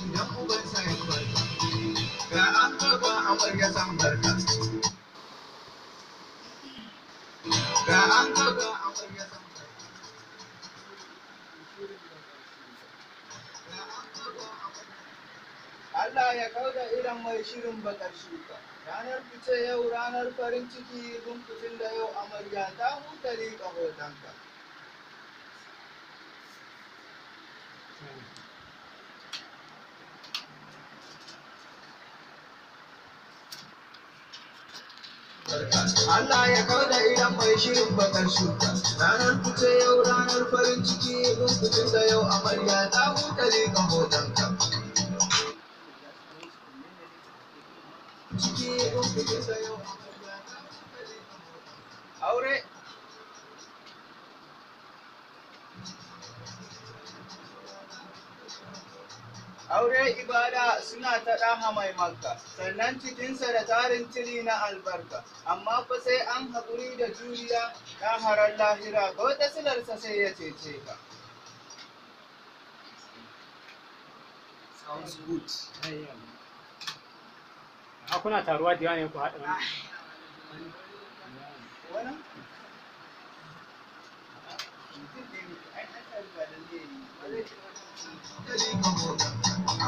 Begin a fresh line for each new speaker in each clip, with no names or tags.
shi dan uban sa ya barka ga an karba amarya san barka ga an karba amarya san Allah ya kauda irin mai shirin bakar ka. Ranar fice yau ranar farin ciki rumfucin da yau amarya ta hutare ƙahotanka. Thank you. albarka Allah ya kauda idan mai shirin bakar shuka ranar fice yau ranar farin ciki mun fitin da yau amarya ta huta rika ka aure aure ibada suna ta ɗaha mai makka sannan cikinsa da tarin tiri na albarka amma fa sai an haƙuri da juriya harar lahira ga wata silarsa sai ya cece ka sounds good a kuna taruwa da ne ku haɗa wani Thank ah.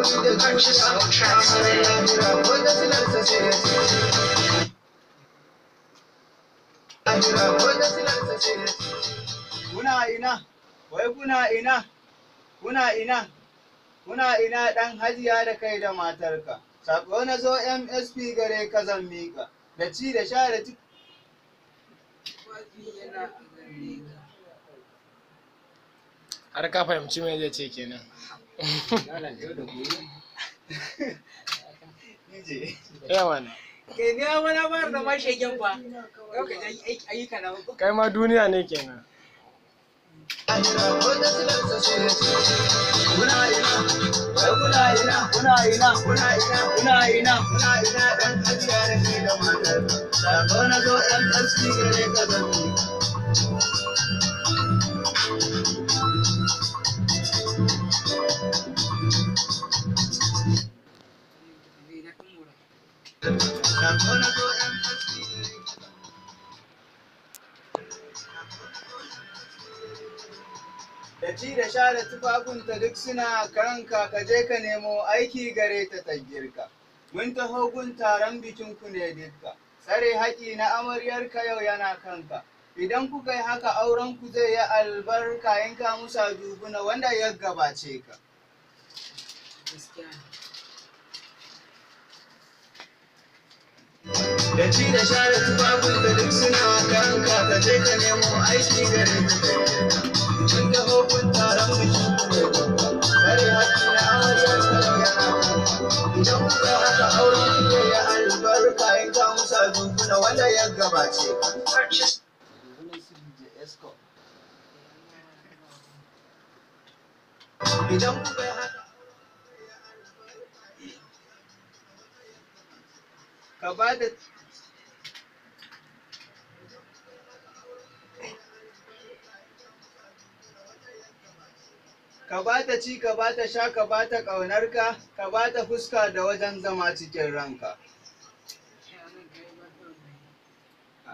Kuna ina, wai kuna ina, kuna ina, kuna ina ɗan hajiya da kai da matarka, saƙo na zo MSP gare ka zan miƙa, da ci da sha da ci. Har ka fahimci me zai ce kenan. yawan kai ma duniya ne kenan Kuna ina, kuna ina, kuna ina, kuna ina, kuna ina, kuna ina, da ci da sha da tufafinta duk suna karanka ka je ka nemo aiki gare ta tagirka mun taho gun taron bikin ku ne dukka tsare haƙi na amaryarka yau yana kanka idan kuka yi haka auren ku zai yi albarka in ka musa dubuna wanda ya gabace ka da ci da sha da tufafinta duk suna karanka ka je ka nemo aiki gare ta ba ce ka ba da ka ba ta ci ka ba ta sha ka ba ta ƙaunarka ka ba ta fuska da wajen zama cikin ranka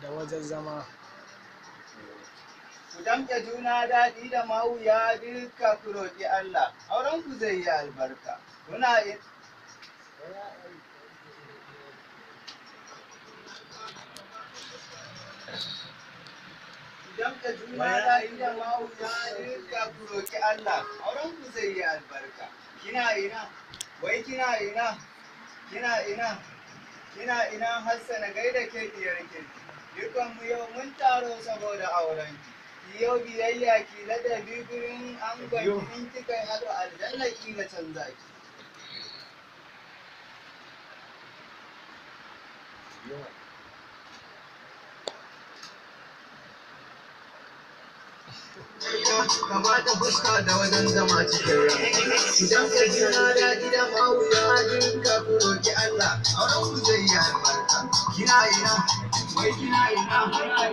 da wajen zama ku damke juna daɗi da mawuya duka ku roƙi Allah auren ku zai yi albarka kuna juna daɗi da mawuya duka ku roƙi Allah auren ku zai yi albarka kina ina wai kina ina kina ina kina ina hassana gaida ke diyar kirki mu yau mun taro saboda auren ki yau biyayya ki ladabi bibirin an gwanki in kika yi hado aljanna ki ga canza ki Yeah. kama da fuska da wajen zama cikin ran idan ka ji na daɗi da mawuya jin ka ku roki Allah auren ku zai yi albarka kina ina wai kina ina